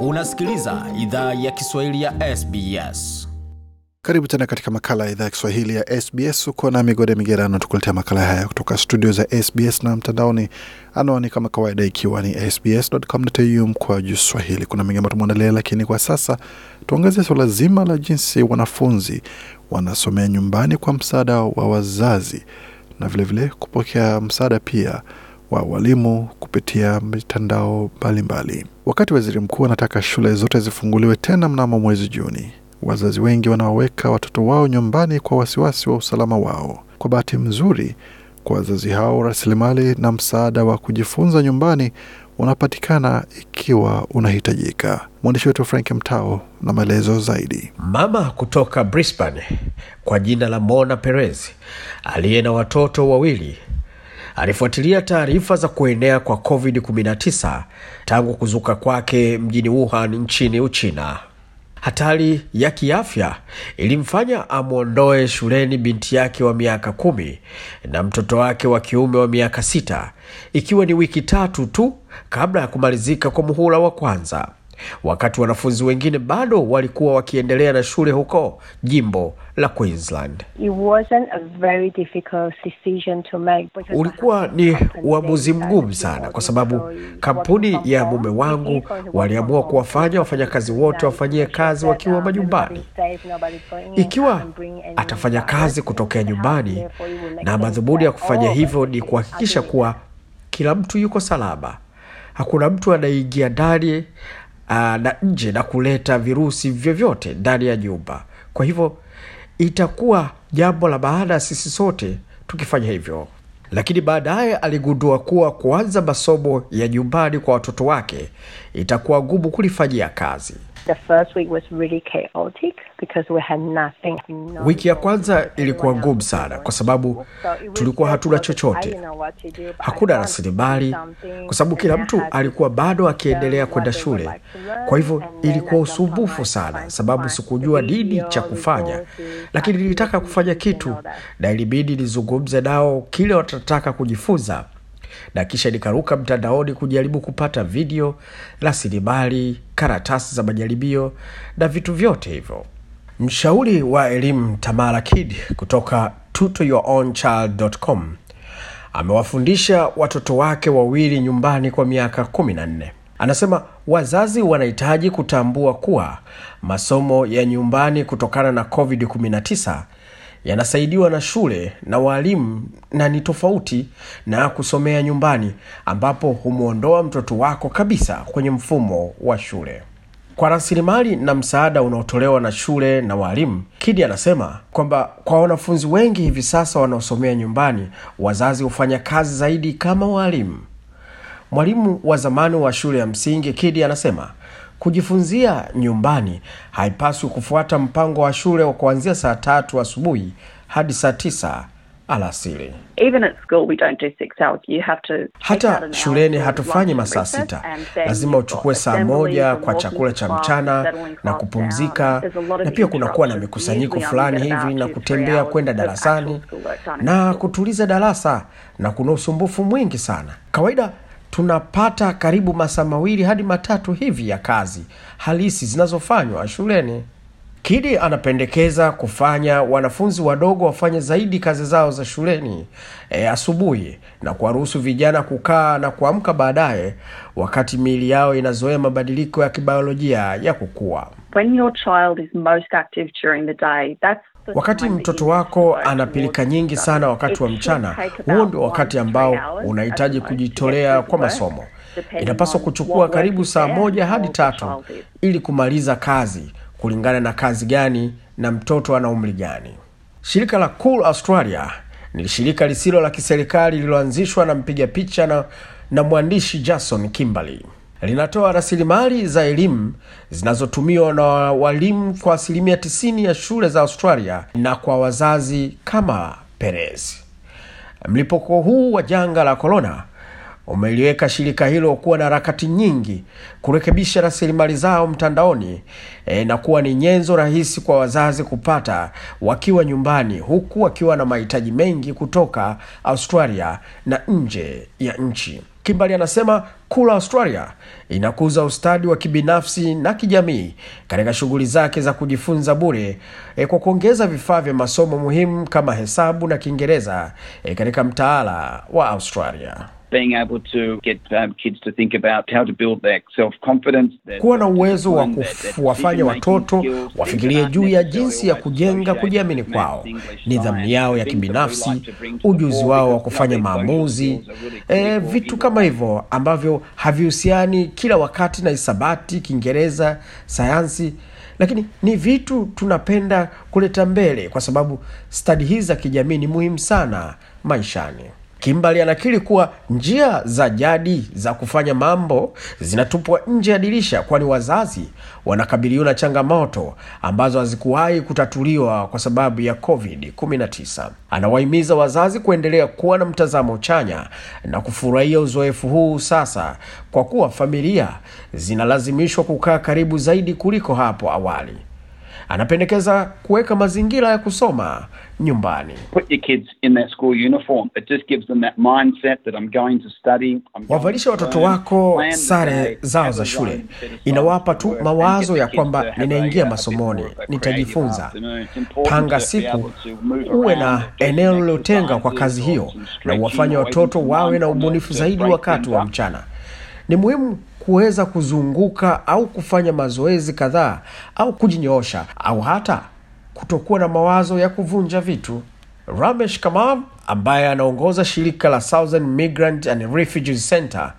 Unasikiliza idhaa ya Kiswahili ya SBS. Karibu tena katika makala ya idhaa ya Kiswahili ya SBS. Uko na Migode Migerano tukuletea makala haya kutoka studio za SBS na mtandaoni, anwani kama kawaida ikiwa ni sbs.com.au juu swahili. Kuna mengi ambayo tumeandalia, lakini kwa sasa tuangazie suala zima la jinsi wanafunzi wanasomea nyumbani kwa msaada wa wazazi na vilevile vile kupokea msaada pia wa walimu kupitia mitandao mbalimbali. Wakati waziri mkuu anataka shule zote zifunguliwe tena mnamo mwezi Juni, wazazi wengi wanaoweka watoto wao nyumbani kwa wasiwasi wa usalama wao. Kwa bahati mzuri kwa wazazi hao, rasilimali na msaada wa kujifunza nyumbani unapatikana ikiwa unahitajika. Mwandishi wetu Frank Mtao na maelezo zaidi. Mama kutoka Brisbane kwa jina la Mona Perez aliye na watoto wawili alifuatilia taarifa za kuenea kwa COVID-19 tangu kuzuka kwake mjini Wuhan nchini Uchina. Hatari ya kiafya ilimfanya amwondoe shuleni binti yake wa miaka kumi na mtoto wake wa kiume wa miaka sita ikiwa ni wiki tatu tu kabla ya kumalizika kwa muhula wa kwanza wakati wanafunzi wengine bado walikuwa wakiendelea na shule huko jimbo la Queensland. It wasn't a very difficult decision to make. Ulikuwa ni uamuzi mgumu sana, kwa sababu kampuni ya mume wangu waliamua kuwafanya wafanyakazi wote wafanyie kazi wakiwa majumbani. Ikiwa atafanya kazi kutokea nyumbani, na madhumuni ya kufanya hivyo ni kuhakikisha kuwa kila mtu yuko salama, hakuna mtu anayeingia ndani Ah, na nje na kuleta virusi vyovyote ndani ya nyumba kwa hivyo itakuwa jambo la baada sisi sote tukifanya hivyo lakini baadaye aligundua kuwa kuanza masomo ya nyumbani kwa watoto wake itakuwa ngumu kulifanyia kazi Wiki ya kwanza ilikuwa ngumu sana, kwa sababu tulikuwa hatuna chochote, hakuna rasilimali, kwa sababu kila mtu alikuwa bado akiendelea kwenda shule. Kwa hivyo ilikuwa usumbufu sana, sababu sikujua nini cha kufanya, lakini nilitaka kufanya kitu na ilibidi nizungumze nao kile watataka kujifunza na kisha nikaruka mtandaoni kujaribu kupata video rasilimali karatasi za majaribio na vitu vyote hivyo mshauri wa elimu tamara kid kutoka tutoyourownchild.com amewafundisha watoto wake wawili nyumbani kwa miaka 14 anasema wazazi wanahitaji kutambua kuwa masomo ya nyumbani kutokana na covid-19 yanasaidiwa na shule na waalimu na ni tofauti na kusomea nyumbani ambapo humwondoa mtoto wako kabisa kwenye mfumo wa shule. Kwa rasilimali na msaada unaotolewa na shule na waalimu, Kidi anasema kwamba kwa wanafunzi wengi hivi sasa wanaosomea nyumbani, wazazi hufanya kazi zaidi kama waalimu. Mwalimu wa zamani wa shule ya msingi Kidi anasema Kujifunzia nyumbani haipaswi kufuata mpango wa shule wa kuanzia saa tatu asubuhi hadi saa tisa alasiri. hata shuleni hatufanyi masaa sita, lazima uchukue saa moja kwa chakula cha mchana na kupumzika, na pia kunakuwa na mikusanyiko fulani hivi na kutembea kwenda darasani na kutuliza darasa, na kuna usumbufu mwingi sana kawaida tunapata karibu masaa mawili hadi matatu hivi ya kazi halisi zinazofanywa shuleni. Kidi anapendekeza kufanya wanafunzi wadogo wafanye zaidi kazi zao za shuleni e, asubuhi na kuwaruhusu vijana kukaa na kuamka baadaye, wakati miili yao inazoea mabadiliko ya kibiolojia ya kukua. When your child is most active during the day, that's Wakati mtoto wako ana pilika nyingi sana wakati wa mchana, huo ndio wakati ambao unahitaji kujitolea kwa masomo. Inapaswa kuchukua karibu saa moja hadi tatu ili kumaliza kazi, kulingana na kazi gani na mtoto ana umri gani. Shirika la Cool Australia ni shirika lisilo la kiserikali lililoanzishwa na mpiga picha na, na mwandishi Jason Kimberley linatoa rasilimali za elimu zinazotumiwa na walimu kwa asilimia 90 ya shule za Australia na kwa wazazi kama Perez. Mlipuko huu wa janga la korona umeliweka shirika hilo kuwa na harakati nyingi kurekebisha rasilimali zao mtandaoni e, na kuwa ni nyenzo rahisi kwa wazazi kupata wakiwa nyumbani, huku wakiwa na mahitaji mengi kutoka Australia na nje ya nchi. Kimbali anasema Kula Australia inakuza ustadi wa kibinafsi na kijamii katika shughuli zake za kujifunza bure e, kwa kuongeza vifaa vya masomo muhimu kama hesabu na Kiingereza e, katika mtaala wa Australia. Kuwa na uwezo wa kuwafanya watoto wafikirie juu ya jinsi ya kujenga kujiamini kwao, nidhamu yao ya kibinafsi, ujuzi wao wa kufanya maamuzi, e, vitu kama hivyo ambavyo havihusiani kila wakati na hisabati, Kiingereza, sayansi lakini ni vitu tunapenda kuleta mbele kwa sababu stadi hii za kijamii ni muhimu sana maishani. Kimbali anakiri kuwa njia za jadi za kufanya mambo zinatupwa nje ya dirisha, kwani wazazi wanakabiliwa na changamoto ambazo hazikuwahi kutatuliwa kwa sababu ya COVID-19. Anawahimiza wazazi kuendelea kuwa na mtazamo chanya na kufurahia uzoefu huu sasa, kwa kuwa familia zinalazimishwa kukaa karibu zaidi kuliko hapo awali. Anapendekeza kuweka mazingira ya kusoma nyumbani. Wavalisha watoto wako sare zao za shule, inawapa tu mawazo ya kwamba ninaingia masomoni, nitajifunza. Panga siku, uwe na eneo lilotenga kwa kazi hiyo, na uwafanye watoto wawe na ubunifu zaidi wakati wa mchana. Ni muhimu kuweza kuzunguka au kufanya mazoezi kadhaa au kujinyoosha au hata kutokuwa na mawazo ya kuvunja vitu. Ramesh Kamam ambaye anaongoza shirika la Southern Migrant and Refugee Center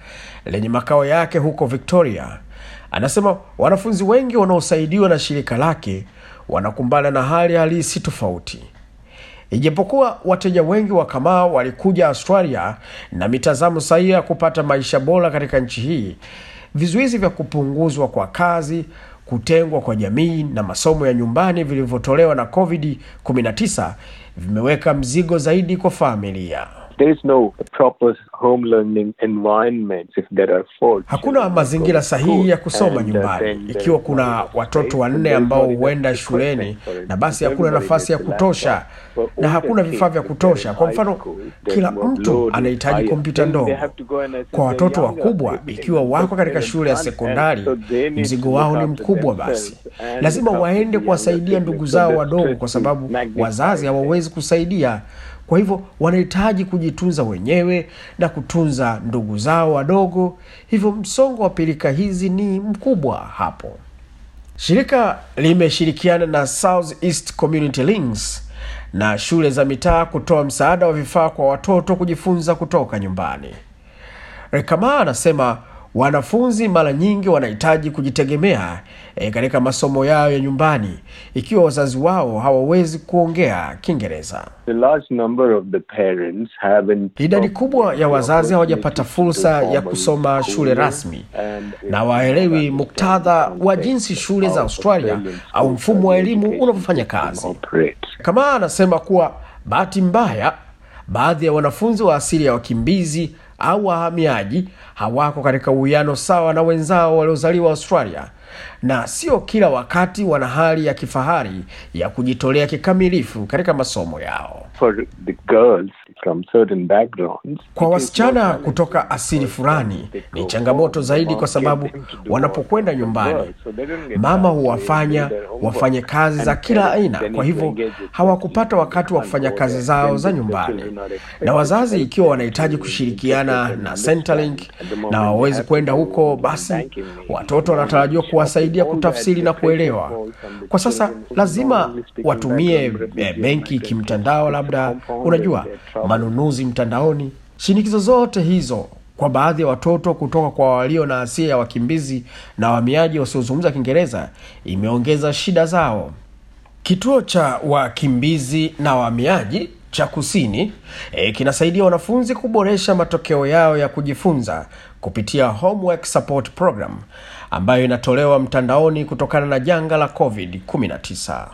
lenye makao yake huko Victoria, anasema wanafunzi wengi wanaosaidiwa na shirika lake wanakumbana na hali halisi tofauti. Ijapokuwa wateja wengi wa Kamaa walikuja Australia na mitazamo sahihi ya kupata maisha bora katika nchi hii, vizuizi vya kupunguzwa kwa kazi, kutengwa kwa jamii na masomo ya nyumbani vilivyotolewa na COVID-19 vimeweka mzigo zaidi kwa familia. Hakuna mazingira sahihi ya kusoma uh, nyumbani. Ikiwa kuna watoto wanne ambao huenda shuleni, na basi hakuna nafasi ya kutosha na hakuna vifaa vya kutosha. Kwa mfano, kila mtu anahitaji kompyuta ndogo. Kwa watoto wakubwa, ikiwa wako katika shule ya sekondari, mzigo wao ni mkubwa, basi lazima waende kuwasaidia ndugu zao wadogo, kwa sababu wazazi hawawezi kusaidia. Kwa hivyo wanahitaji kujitunza wenyewe na kutunza ndugu zao wadogo, hivyo msongo wa pirika hizi ni mkubwa hapo. Shirika limeshirikiana na South East Community Links na shule za mitaa kutoa msaada wa vifaa kwa watoto kujifunza kutoka nyumbani. Rekama anasema Wanafunzi mara nyingi wanahitaji kujitegemea e, katika masomo yao ya nyumbani ikiwa wazazi wao hawawezi kuongea Kiingereza. Idadi kubwa ya wazazi hawajapata fursa ya kusoma shule rasmi na waelewi muktadha wa jinsi shule za Australia au mfumo wa elimu unavyofanya kazi. Kama anasema kuwa bahati mbaya, baadhi ya wanafunzi wa asili ya wakimbizi au wahamiaji hawako katika uwiano sawa na wenzao waliozaliwa Australia, na sio kila wakati wana hali ya kifahari ya kujitolea kikamilifu katika masomo yao for the girls from certain backgrounds. Kwa wasichana kutoka asili fulani ni changamoto zaidi, kwa sababu wanapokwenda nyumbani, mama huwafanya wafanye kazi za kila aina, kwa hivyo hawakupata wakati wa kufanya kazi zao za nyumbani. Na wazazi ikiwa wanahitaji kushirikiana na Centrelink na wawezi kwenda huko, basi watoto wanatarajiwa kuwasaidia kutafsiri na kuelewa. Kwa sasa lazima watumie eh, benki kimtandao labda labda unajua, manunuzi mtandaoni, shinikizo zote hizo kwa baadhi ya watoto kutoka kwa walio na asia ya wakimbizi na wahamiaji wasiozungumza Kiingereza imeongeza shida zao. Kituo cha wakimbizi na wahamiaji cha kusini e, kinasaidia wanafunzi kuboresha matokeo yao ya kujifunza kupitia homework support program ambayo inatolewa mtandaoni kutokana na janga la COVID-19.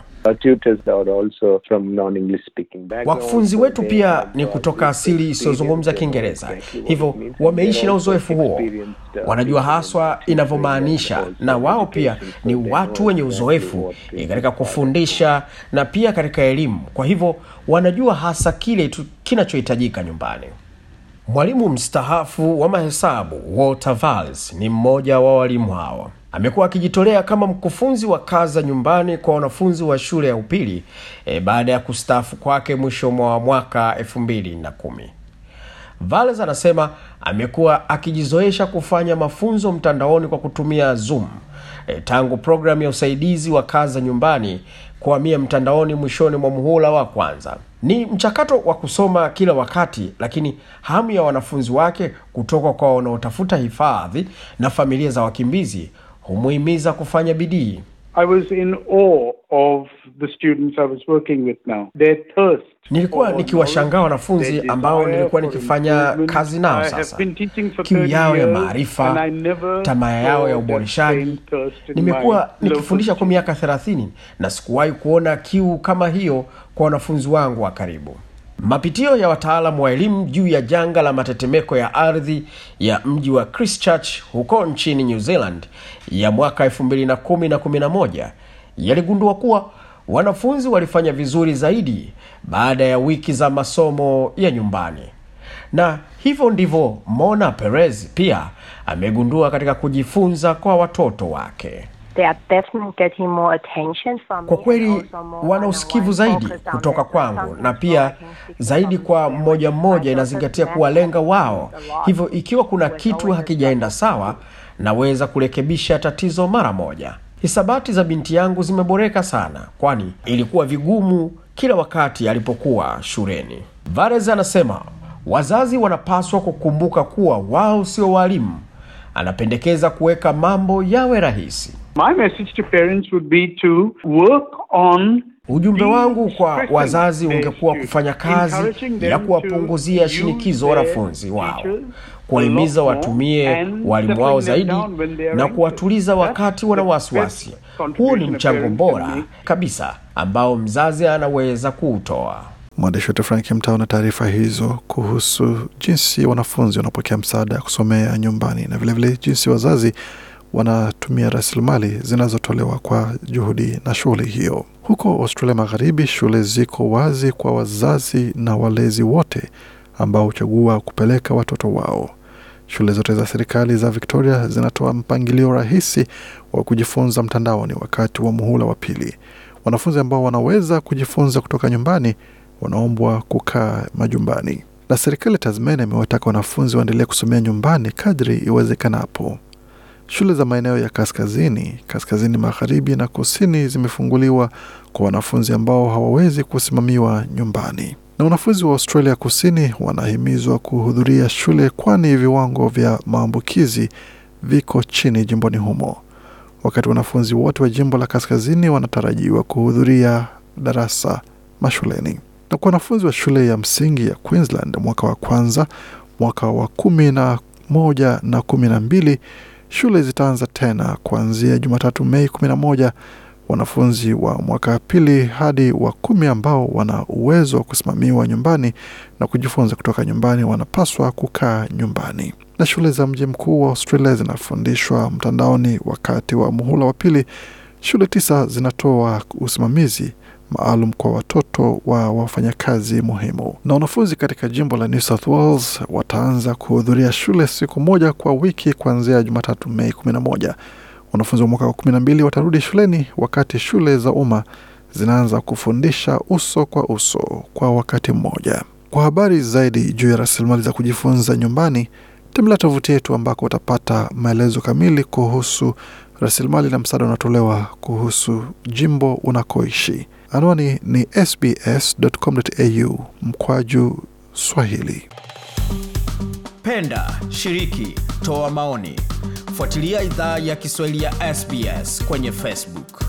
Wakufunzi wetu pia ni kutoka asili isiyozungumza Kiingereza, hivyo wameishi na uzoefu huo, uh, wanajua haswa inavyomaanisha, na wao pia ni watu wenye uzoefu eh, katika kufundisha na pia katika elimu. Kwa hivyo wanajua hasa kile kinachohitajika nyumbani. Mwalimu mstahafu wa mahesabu Walter vals ni mmoja wa walimu hawa amekuwa akijitolea kama mkufunzi wa kaza nyumbani kwa wanafunzi wa shule ya upili e, baada ya kustaafu kwake mwisho mwa mwaka 21 Vales anasema amekuwa akijizoesha kufanya mafunzo mtandaoni kwa kutumia Zoom e, tangu programu ya usaidizi wa kaza nyumbani kuhamia mtandaoni mwishoni mwa muhula wa kwanza. Ni mchakato wa kusoma kila wakati, lakini hamu ya wanafunzi wake kutoka kwa wanaotafuta hifadhi na familia za wakimbizi humuhimiza kufanya bidii. I was in awe of the students I was working with now. Their thirst Nilikuwa nikiwashangaa wanafunzi ambao nilikuwa nikifanya kazi nao sasa, kiu yao ya maarifa, tamaa yao ya uboreshaji. Nimekuwa nikifundisha kwa miaka thelathini na sikuwahi kuona kiu kama hiyo kwa wanafunzi wangu wa karibu. Mapitio ya wataalamu wa elimu juu ya janga la matetemeko ya ardhi ya mji wa Christchurch huko nchini New Zealand ya mwaka 2010 na 11 yaligundua kuwa wanafunzi walifanya vizuri zaidi baada ya wiki za masomo ya nyumbani, na hivyo ndivyo Mona Perez pia amegundua katika kujifunza kwa watoto wake. Kwa kweli wana usikivu zaidi kutoka kwangu, na pia zaidi kwa mmoja mmoja inazingatia kuwalenga wao. Hivyo ikiwa kuna kitu hakijaenda sawa, naweza kurekebisha tatizo mara moja. Hisabati za binti yangu zimeboreka sana, kwani ilikuwa vigumu kila wakati alipokuwa shuleni. vares anasema wazazi wanapaswa kukumbuka kuwa wao sio walimu. Anapendekeza kuweka mambo yawe rahisi. My message to parents would be to work on Ujumbe wangu kwa wazazi ungekuwa kufanya kazi ya kuwapunguzia shinikizo wanafunzi wao, kuwahimiza watumie walimu wao zaidi na kuwatuliza wakati wana wasiwasi. Huu ni mchango bora kabisa ambao mzazi anaweza kuutoa. Mwandishi wetu Frank Mtao na taarifa hizo kuhusu jinsi wanafunzi wanapokea msaada ya kusomea nyumbani na vilevile vile jinsi wazazi wanatumia rasilimali zinazotolewa kwa juhudi na shughuli hiyo. Huko Australia Magharibi, shule ziko wazi kwa wazazi na walezi wote ambao huchagua kupeleka watoto wao. Shule zote za serikali za Victoria zinatoa mpangilio rahisi wa kujifunza mtandaoni wakati wa muhula wa pili. Wanafunzi ambao wanaweza kujifunza kutoka nyumbani wanaombwa kukaa majumbani, na serikali Tasmania imewataka wanafunzi waendelee kusomea nyumbani kadri iwezekanapo. Shule za maeneo ya kaskazini, kaskazini magharibi na kusini zimefunguliwa kwa wanafunzi ambao hawawezi kusimamiwa nyumbani. Na wanafunzi wa Australia Kusini wanahimizwa kuhudhuria shule kwani viwango vya maambukizi viko chini jimboni humo. Wakati wanafunzi wote wa jimbo la kaskazini wanatarajiwa kuhudhuria darasa mashuleni. Na kwa wanafunzi wa shule ya msingi ya Queensland mwaka wa kwanza, mwaka wa kumi na moja na kumi na mbili Shule zitaanza tena kuanzia Jumatatu, Mei 11. Wanafunzi wa mwaka pili hadi wa kumi ambao wana uwezo wa kusimamiwa nyumbani na kujifunza kutoka nyumbani wanapaswa kukaa nyumbani. Na shule za mji mkuu wa Australia zinafundishwa mtandaoni wakati wa muhula wa pili. Shule tisa zinatoa usimamizi maalum kwa watoto wa wafanyakazi muhimu. Na wanafunzi katika jimbo la New South Wales wataanza kuhudhuria shule siku moja kwa wiki kuanzia Jumatatu, Mei 11. Wanafunzi wa mwaka wa 12 watarudi shuleni wakati shule za umma zinaanza kufundisha uso kwa uso kwa wakati mmoja. Kwa habari zaidi juu ya rasilimali za kujifunza nyumbani, tembelea tovuti yetu ambako utapata maelezo kamili kuhusu rasilimali na msaada unatolewa kuhusu jimbo unakoishi. Anwani ni sbs.com.au mkwaju Swahili. Penda, shiriki, toa maoni, fuatilia idhaa ya Kiswahili ya SBS kwenye Facebook.